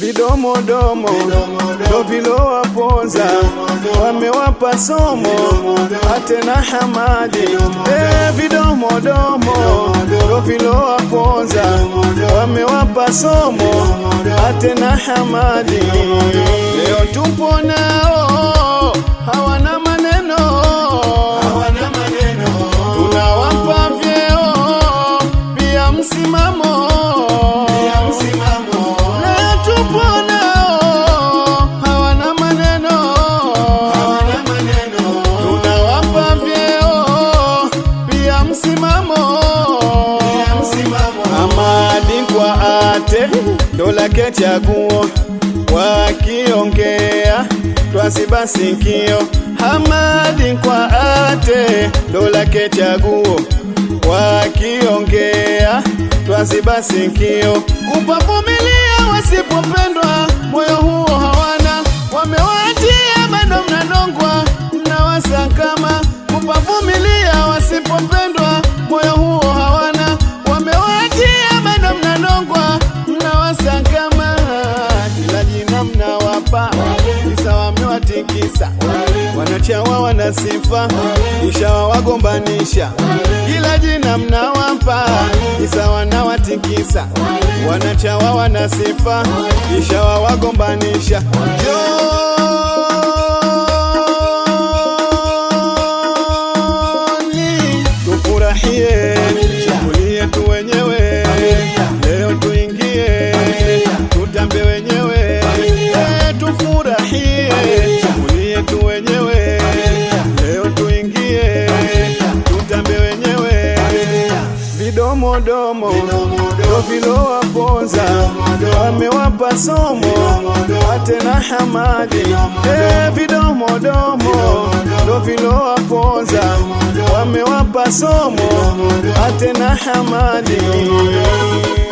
vidomodomo ndo vilowaponza wamewapa somo ate na hamadi eh, vidomodomo ndo vilowaponza wamewapa somo ate na hamadi leo tupo nao jaketi ya guo, wakiongea twasibasikio. Hamadi kwa ate dola laketi ya wakiongea twasibasikio. Kupavumilia wasipopendwa, moyo huo hawana, wamewatia bado mnanongwa, mnawasakama. Kupavumilia wasipopendwa, moyo huo hawana wamewalipa, isa wamewatikisa, wanachawa wana sifa, ishawawagombanisha, kila jina mnawapa, isa wanawatikisa, wanachawa wana sifa, ishawawagombanisha. vilowaponza wamewapa somo atena hamadi vidomodomo ndo vilowaponza wamewapa somo wate na hamadi e,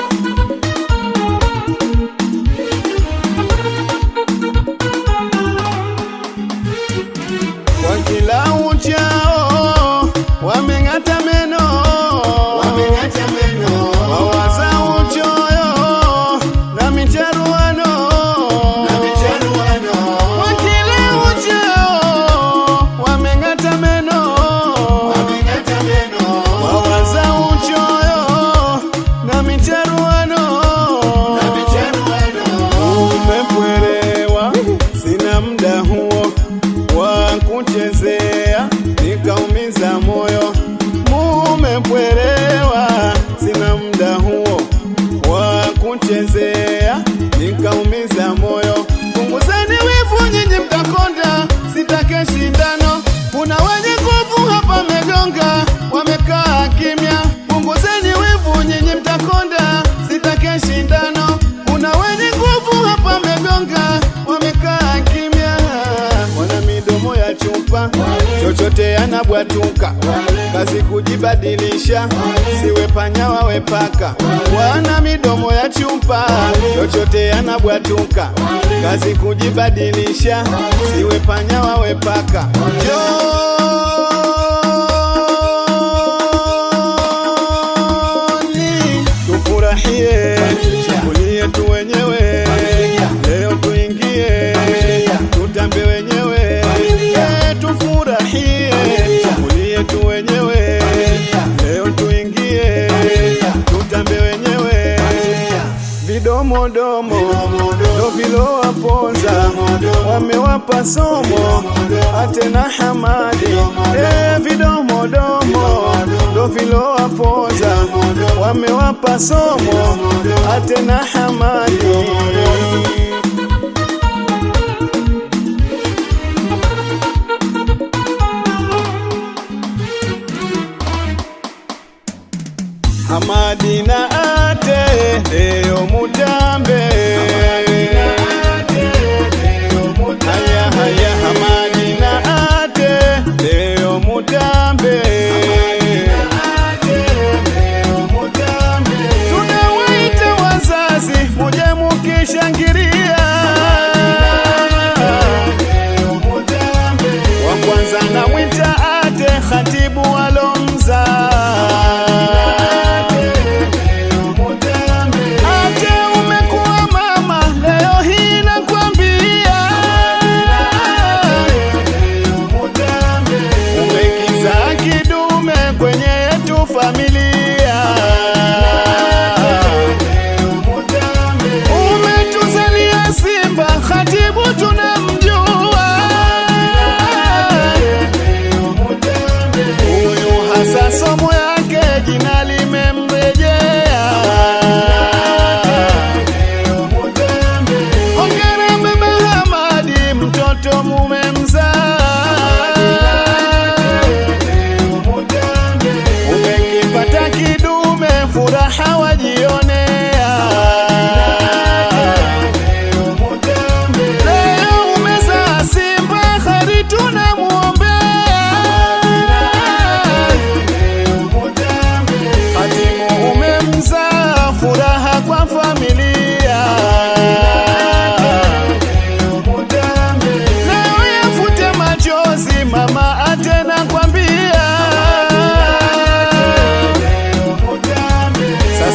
yote yanabwatuka, kazi kujibadilisha, siwe panya wawe paka, wana midomo ya chupa. Yote yanabwatuka, kazi kujibadilisha, siwe panya wawe paka. modomo vilo waponza wamewapa somo atena hamadi eh, vidomodomo vilo waponza wamewapa somo atena hamadi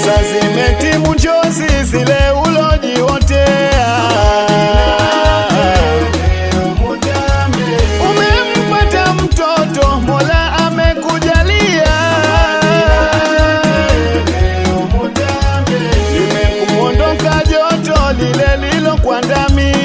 Pesa zimetimu njozi zile ulojiotea, umempata mtoto, Mola amekujalia, limekumwondoka joto lile lilokuandamia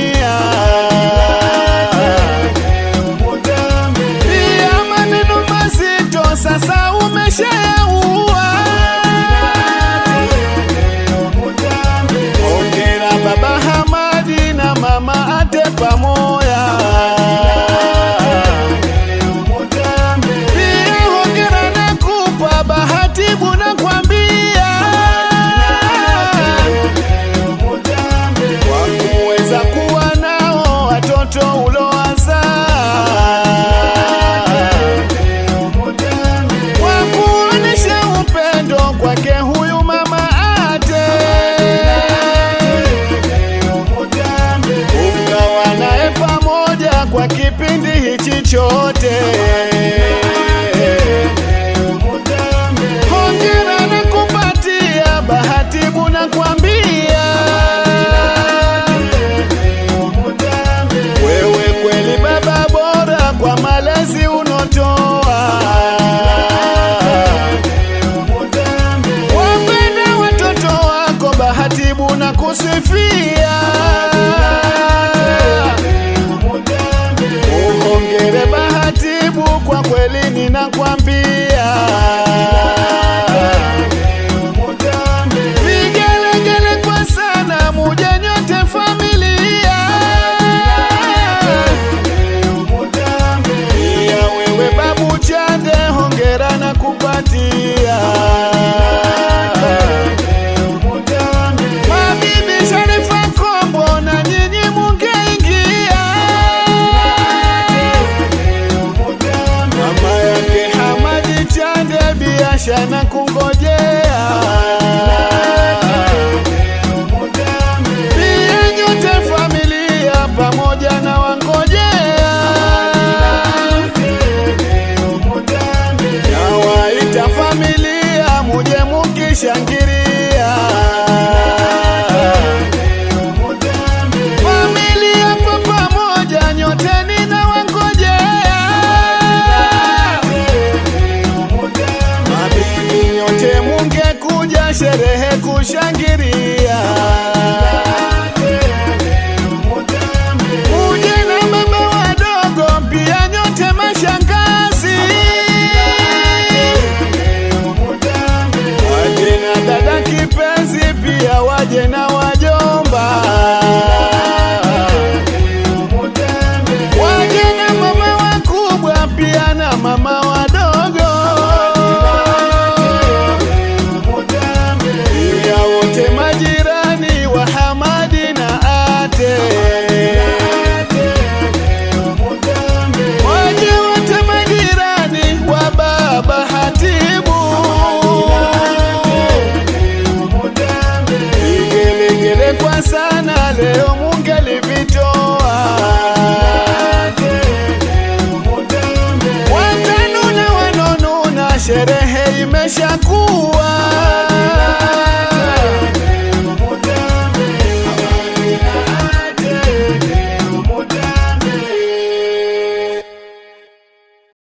nimebahatibu kwa kweli ninakwambia se acusa.